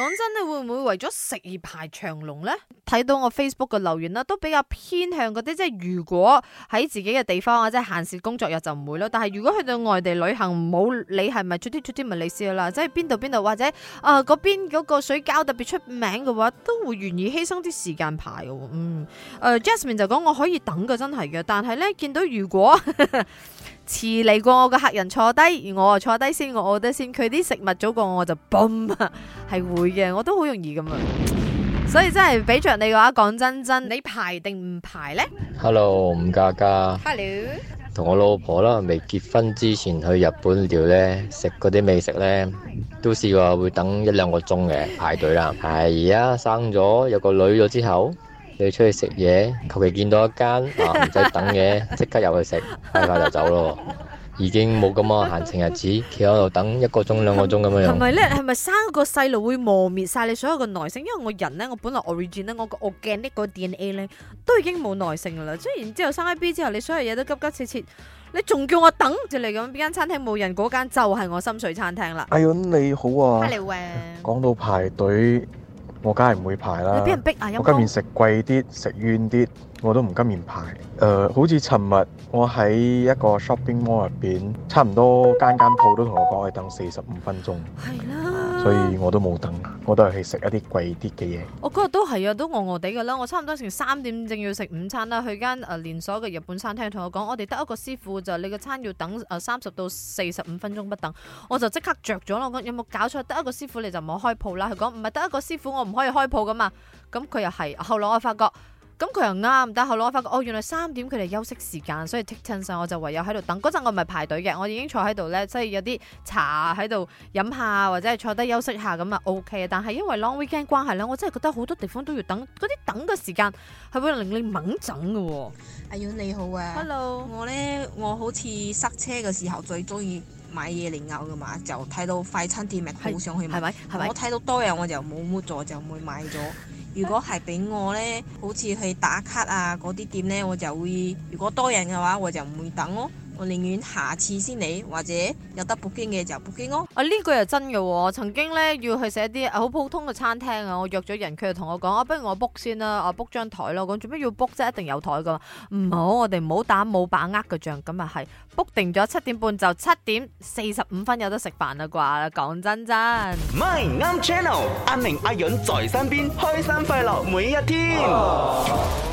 講真，你會唔會為咗食而排長龍呢？睇到我 Facebook 嘅留言啦，都比較偏向嗰啲即係如果喺自己嘅地方啊，即係閒時工作日就唔會咯。但係如果去到外地旅行，唔好理係咪出啲出啲唔你事啦？是是 ia, 即係邊度邊度或者啊嗰邊嗰個水餃特別出名嘅話，都會願意犧牲啲時間排嘅。嗯、呃、，Jasmine 就講我可以等嘅，真係嘅。但係呢，見到如果。 遲嚟過我嘅客人坐低，而我啊坐低先，我我得先。佢啲食物早過我，就嘣啊，係會嘅，我都好容易咁啊。所以真係俾着你嘅話，講真真，你排定唔排呢？Hello，吳家家。Hello。同我老婆啦，未結婚之前去日本料呢，食嗰啲美食呢，都試過會等一兩個鐘嘅排隊啦。係而家生咗有個女咗之後。你出去食嘢，求其見到一間啊，唔使等嘅，即刻入去食， 快快就走咯。已經冇咁多閒情日子，企喺度等一個鐘兩個鐘咁樣。同埋咧？係咪生個細路會磨滅晒你所有嘅耐性？因為我人咧，我本來 original 我個我 genetic 嗰個 DNA 咧，都已經冇耐性噶啦。雖然之後生 A B 之後，你所有嘢都急急切切，你仲叫我等就嚟咁。邊間餐廳冇人，嗰間就係我心水餐廳啦。哎呦，你好啊，Hello, uh. 講到排隊。我梗係唔會排啦，啊！我今年食貴啲，食軟啲。我都唔急面排，誒、呃，好似尋日我喺一個 shopping mall 入邊，差唔多間間鋪都同我講要等四十五分鐘，係啦，所以我都冇等，我都係去食一啲貴啲嘅嘢。我嗰日都係啊，都餓餓地噶啦，我差唔多成三點正要食午餐啦，去間誒連鎖嘅日本餐廳，同我講我哋得一個師傅就你個餐要等三十到四十五分鐘不等，我就即刻着咗咯。我講有冇搞錯？得一個師傅你就唔好開鋪啦。佢講唔係得一個師傅我唔可以開鋪噶嘛，咁佢又係。後來我發覺。咁佢又啱，但後來我發覺哦，原來三點佢哋休息時間，所以剔親曬，我就唯有喺度等。嗰陣我唔係排隊嘅，我已經坐喺度咧，即係有啲茶喺度飲下，或者係坐低休息下咁啊 OK 啊。但係因為 long weekend 關係咧，我真係覺得好多地方都要等，嗰啲等嘅時間係會令你掹整㗎喎。阿遠你好啊，Hello！我咧我好似塞車嘅時候最中意買嘢嚟咬㗎嘛，就睇到快餐店咪好想去買，我睇到多人我就冇冇坐就唔會買咗。 如果係俾我咧，好似去打卡啊嗰啲店咧，我就會，如果多人嘅話，我就唔會等咯。我寧願下次先嚟，或者有得 book 嘅就 book 咯。啊呢個又真嘅，曾經咧要去寫啲好普通嘅餐廳啊，我約咗人，佢又同我講，啊不如我 book 先啦，我 book 張台咯。咁做咩要 book 啫？一定有台噶嘛？唔好，我哋唔好打冇把握嘅仗。咁啊係 book 定咗七點半就七點四十五分有得食飯啦啩？講真真。My name Channel，阿明阿允在身邊，開心快樂每一天。Oh.